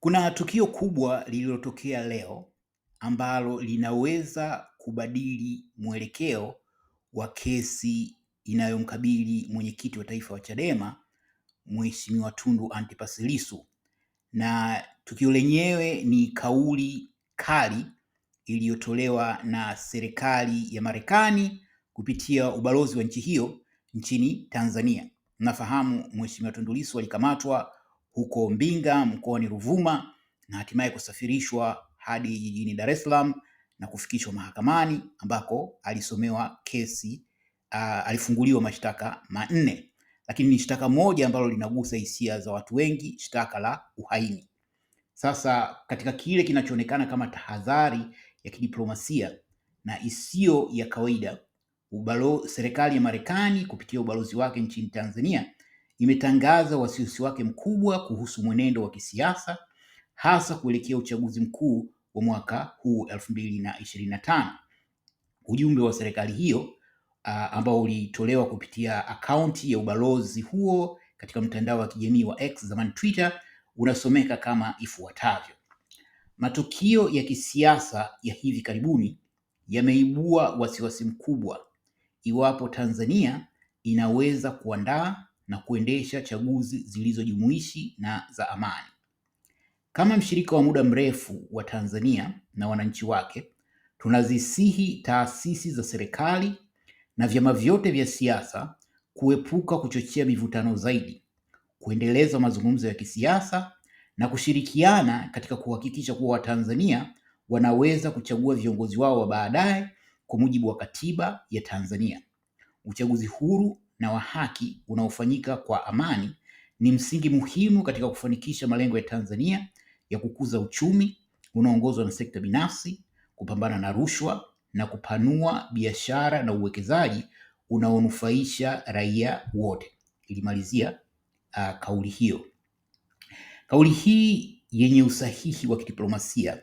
Kuna tukio kubwa lililotokea leo ambalo linaweza kubadili mwelekeo wa kesi inayomkabili mwenyekiti wa taifa wa Chadema Mheshimiwa Tundu Antipas Lissu, na tukio lenyewe ni kauli kali iliyotolewa na serikali ya Marekani kupitia ubalozi wa nchi hiyo nchini Tanzania. Nafahamu Mheshimiwa Tundu Lissu alikamatwa huko Mbinga mkoani Ruvuma na hatimaye kusafirishwa hadi jijini Dar es Salaam na kufikishwa mahakamani ambako alisomewa kesi uh, alifunguliwa mashtaka manne, lakini ni shtaka moja ambalo linagusa hisia za watu wengi, shtaka la uhaini. Sasa katika kile kinachoonekana kama tahadhari ya kidiplomasia na isiyo ya kawaida, ubalo serikali ya Marekani kupitia ubalozi wake nchini Tanzania imetangaza wasiwasi wake mkubwa kuhusu mwenendo wa kisiasa hasa kuelekea uchaguzi mkuu wa mwaka huu elfu mbili na ishirini na tano. Ujumbe wa serikali hiyo uh, ambao ulitolewa kupitia akaunti ya ubalozi huo katika mtandao wa kijamii wa X zamani Twitter unasomeka kama ifuatavyo: matukio ya kisiasa ya hivi karibuni yameibua wasiwasi mkubwa iwapo Tanzania inaweza kuandaa na kuendesha chaguzi zilizojumuishi na za amani. Kama mshirika wa muda mrefu wa Tanzania na wananchi wake, tunazisihi taasisi za serikali na vyama vyote vya siasa kuepuka kuchochea mivutano zaidi, kuendeleza mazungumzo ya kisiasa na kushirikiana katika kuhakikisha kuwa Watanzania wanaweza kuchagua viongozi wao wa baadaye kwa mujibu wa katiba ya Tanzania. Uchaguzi huru na wa haki unaofanyika kwa amani ni msingi muhimu katika kufanikisha malengo ya Tanzania ya kukuza uchumi unaoongozwa na sekta binafsi, kupambana na rushwa na kupanua biashara na uwekezaji unaonufaisha raia wote. Ilimalizia uh, kauli hiyo. Kauli hii yenye usahihi wa kidiplomasia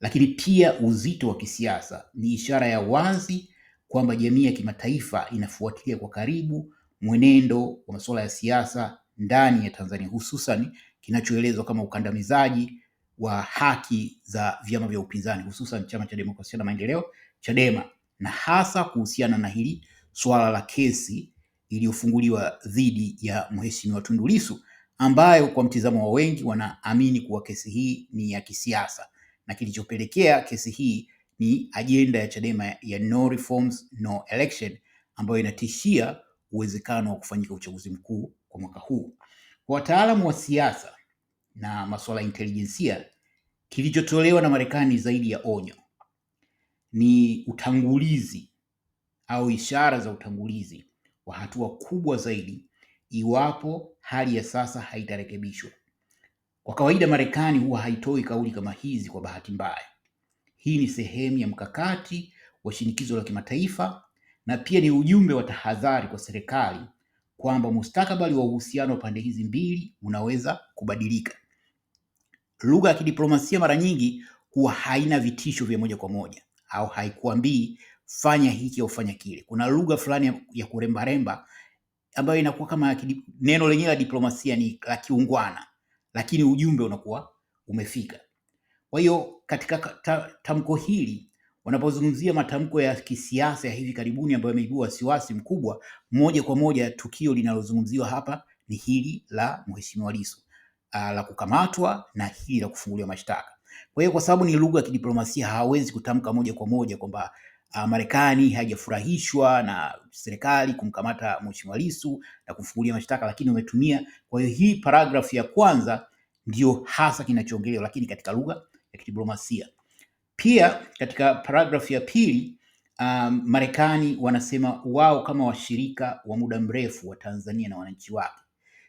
lakini pia uzito wa kisiasa ni ishara ya wazi kwamba jamii ya kimataifa inafuatilia kwa karibu mwenendo wa masuala ya siasa ndani ya Tanzania, hususan kinachoelezwa kama ukandamizaji wa haki za vyama vya upinzani, hususan chama cha demokrasia na maendeleo Chadema, na hasa kuhusiana na hili suala la kesi iliyofunguliwa dhidi ya Mheshimiwa Tundu Lissu, ambayo kwa mtizamo wa wengi wanaamini kuwa kesi hii ni ya kisiasa na kilichopelekea kesi hii ni ajenda ya Chadema ya no reforms, no election ambayo inatishia uwezekano wa kufanyika uchaguzi mkuu kwa mwaka huu. Kwa wataalamu wa siasa na masuala ya intelijensia, kilichotolewa na Marekani zaidi ya onyo ni utangulizi au ishara za utangulizi wa hatua kubwa zaidi iwapo hali ya sasa haitarekebishwa. Kwa kawaida, Marekani huwa haitoi kauli kama hizi kwa bahati mbaya, hii ni sehemu ya mkakati wa shinikizo la kimataifa na pia ni ujumbe wa tahadhari kwa serikali kwamba mustakabali wa uhusiano wa pande hizi mbili unaweza kubadilika. Lugha ya kidiplomasia mara nyingi huwa haina vitisho vya moja kwa moja au haikuambii fanya hiki au fanya kile. Kuna lugha fulani ya kurembaremba ambayo inakuwa kama neno lenyewe la diplomasia ni la kiungwana, lakini ujumbe unakuwa umefika. Kwa hiyo katika ta, tamko hili wanapozungumzia matamko ya kisiasa ya hivi karibuni ambayo yameibua wasiwasi mkubwa, moja kwa moja tukio linalozungumziwa hapa ni hili la Mheshimiwa Lissu la kukamatwa na hili la kufunguliwa mashtaka. Kwa hiyo kwa sababu ni lugha ya kidiplomasia, hawawezi kutamka moja kwa moja kwamba Marekani haijafurahishwa na serikali kumkamata Mheshimiwa Lissu na kumfungulia mashtaka, lakini umetumia. Kwa hiyo hii paragrafu ya kwanza ndio hasa kinachoongelewa, lakini katika lugha ya kidiplomasia. Pia katika paragrafu ya pili um, Marekani wanasema wao kama washirika wa muda mrefu wa Tanzania na wananchi wake.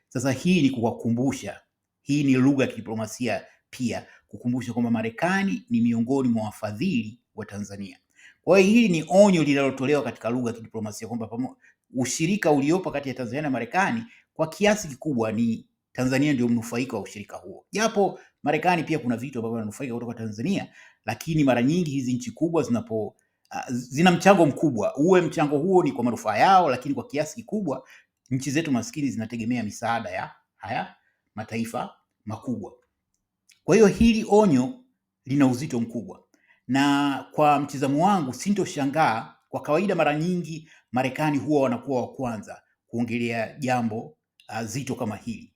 Sasa hii ni kuwakumbusha, hii ni lugha ya kidiplomasia pia kukumbusha kwamba Marekani ni miongoni mwa wafadhili wa Tanzania. Kwa hiyo hili ni onyo linalotolewa katika lugha ya kidiplomasia kwamba ushirika uliopo kati ya Tanzania na Marekani kwa kiasi kikubwa ni Tanzania ndio mnufaika wa ushirika huo, japo Marekani pia kuna vitu ambavyo wananufaika kutoka Tanzania, lakini mara nyingi hizi nchi kubwa zinapo uh, zina mchango mkubwa, uwe mchango huo ni kwa manufaa yao, lakini kwa kiasi kikubwa nchi zetu maskini zinategemea misaada ya haya mataifa makubwa. Kwa hiyo hili onyo lina uzito mkubwa, na kwa mtizamo wangu sintoshangaa. Kwa kawaida, mara nyingi Marekani huwa wanakuwa wa kwanza kuongelea jambo uh, zito kama hili.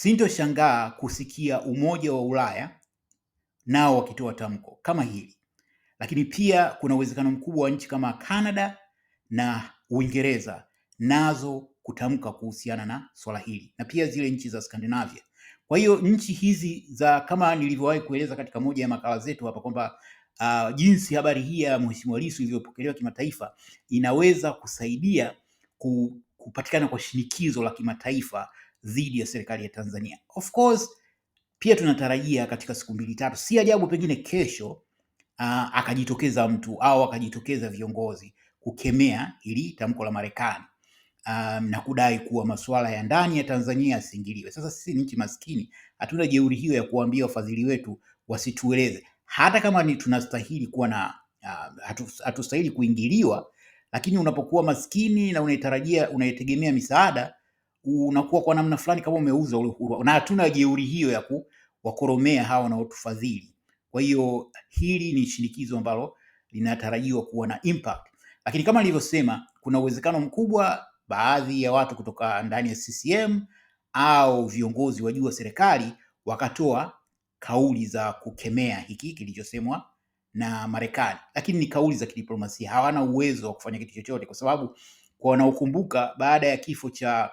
Sintoshangaa kusikia Umoja wa Ulaya nao wakitoa tamko kama hili, lakini pia kuna uwezekano mkubwa wa nchi kama Kanada na Uingereza nazo kutamka kuhusiana na swala hili na pia zile nchi za Skandinavia. Kwa hiyo nchi hizi za kama nilivyowahi kueleza katika moja ya makala zetu hapa kwamba uh, jinsi habari hii ya Mheshimiwa Lissu ilivyopokelewa kimataifa inaweza kusaidia kupatikana kwa shinikizo la kimataifa dhidi ya serikali ya Tanzania. Of course pia tunatarajia katika siku mbili tatu, si ajabu pengine kesho uh, akajitokeza mtu au akajitokeza viongozi kukemea ili tamko la Marekani um, na kudai kuwa masuala ya ndani ya Tanzania yasiingiliwe. Sasa sisi ni nchi maskini, hatuna jeuri hiyo ya kuambia wafadhili wetu wasitueleze, hata kama ni tunastahili kuwa na uh, hatustahili kuingiliwa, lakini unapokuwa maskini na unaitarajia unaitegemea misaada unakuwa kwa namna fulani kama umeuza ule uhuru, na hatuna jeuri hiyo ya kuwakoromea hawa wanaotufadhili. Kwa hiyo hili ni shinikizo ambalo linatarajiwa kuwa na impact, lakini kama nilivyosema, kuna uwezekano mkubwa baadhi ya watu kutoka ndani ya CCM au viongozi wa juu wa serikali wakatoa kauli za kukemea hiki kilichosemwa na Marekani, lakini ni kauli za kidiplomasia. Hawana uwezo wa kufanya kitu chochote, kwa sababu kwa wanaokumbuka, baada ya kifo cha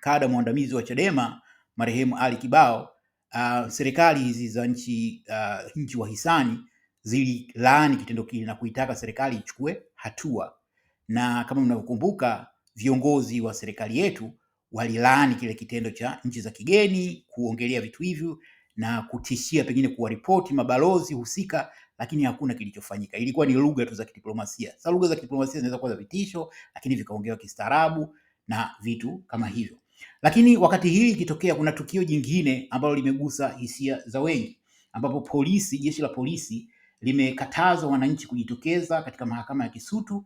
kada mwandamizi wa Chadema marehemu Ali Kibao, uh, serikali hizi za nchi uh, nchi wahisani zililaani kitendo kile na kuitaka serikali ichukue hatua, na kama mnavyokumbuka viongozi wa serikali yetu walilaani kile kitendo cha nchi za kigeni kuongelea vitu hivyo na kutishia pengine kuwaripoti mabalozi husika, lakini hakuna kilichofanyika. Ilikuwa ni lugha tu za kidiplomasia. Sasa lugha za kidiplomasia zinaweza kuwa za vitisho, lakini vikaongewa kistaarabu na vitu kama hivyo. Lakini wakati hii ikitokea, kuna tukio jingine ambalo limegusa hisia za wengi, ambapo polisi, jeshi la polisi limekatazwa wananchi kujitokeza katika mahakama ya Kisutu uh,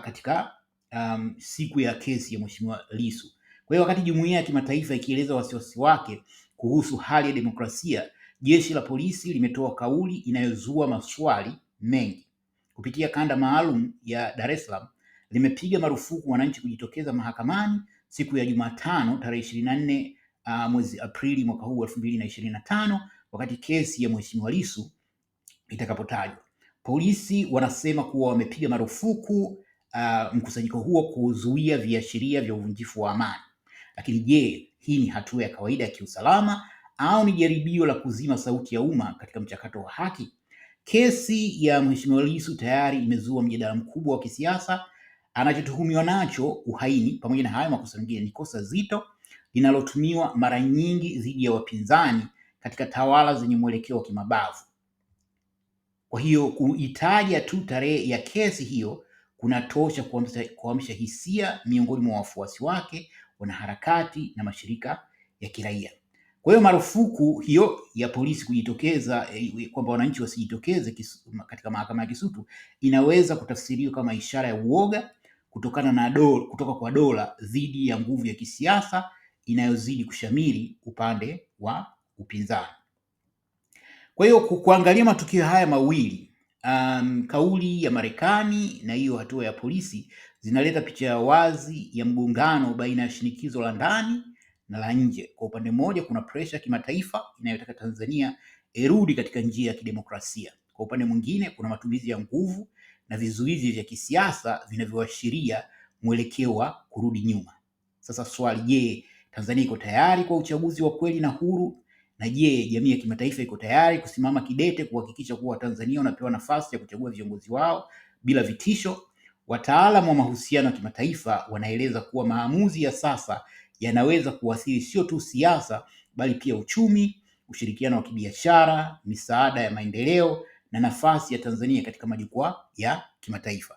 katika um, siku ya kesi ya Mheshimiwa Lissu. Kwa hiyo wakati jumuiya ya kimataifa ikieleza wasiwasi wake kuhusu hali ya demokrasia, jeshi la polisi limetoa kauli inayozua maswali mengi. Kupitia kanda maalum ya Dar es Salaam, limepiga marufuku wananchi kujitokeza mahakamani siku ya Jumatano tarehe ishirini na nne uh, mwezi Aprili mwaka huu elfu mbili na ishirini na tano wakati kesi ya Mheshimiwa Lissu itakapotajwa. Polisi wanasema kuwa wamepiga marufuku uh, mkusanyiko huo kuzuia viashiria vya uvunjifu wa amani. Lakini je, hii ni hatua ya kawaida ya kiusalama au ni jaribio la kuzima sauti ya umma katika mchakato wa haki? Kesi ya Mheshimiwa Lissu tayari imezua mjadala mkubwa wa kisiasa Anachotuhumiwa nacho uhaini, pamoja na hayo makosa mengine, ni kosa zito linalotumiwa mara nyingi dhidi ya wapinzani katika tawala zenye mwelekeo wa kimabavu. Kwa hiyo kuitaja tu tarehe ya kesi hiyo kunatosha kuamsha hisia miongoni mwa wafuasi wake, wanaharakati na mashirika ya kiraia. Kwa hiyo marufuku hiyo ya polisi kujitokeza, eh, kwamba wananchi wasijitokeze katika mahakama ya Kisutu inaweza kutafsiriwa kama ishara ya uoga kutokana na dola, kutoka kwa dola dhidi ya nguvu ya kisiasa inayozidi kushamiri upande wa upinzani. Kwa hiyo kuangalia matukio haya mawili um, kauli ya Marekani na hiyo hatua ya polisi zinaleta picha ya wazi ya mgongano baina ya shinikizo la ndani na la nje. Kwa upande mmoja, kuna presha ya kimataifa inayotaka Tanzania irudi katika njia ya kidemokrasia kwa upande mwingine, kuna matumizi ya nguvu na vizuizi vya kisiasa vinavyoashiria mwelekeo wa kurudi nyuma. Sasa swali, je, Tanzania iko tayari kwa uchaguzi wa kweli na huru? Na je, jamii ya kimataifa iko tayari kusimama kidete kuhakikisha kuwa Watanzania wanapewa nafasi ya kuchagua viongozi wao bila vitisho? Wataalamu wa mahusiano ya kimataifa wanaeleza kuwa maamuzi ya sasa yanaweza kuathiri sio tu siasa, bali pia uchumi, ushirikiano wa kibiashara, misaada ya maendeleo na nafasi ya Tanzania katika majukwaa ya kimataifa.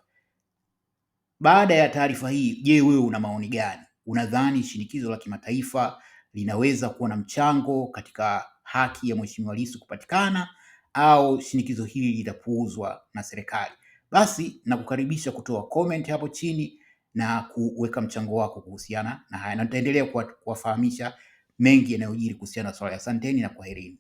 Baada ya taarifa hii, je, wewe una maoni gani? Unadhani shinikizo la kimataifa linaweza kuwa na mchango katika haki ya Mheshimiwa Lissu kupatikana au shinikizo hili litapuuzwa na serikali? Basi nakukaribisha kutoa comment hapo chini na kuweka mchango wako kuhusiana na haya, na nitaendelea kuwafahamisha mengi yanayojiri kuhusiana na swala. Asanteni na kwaherini.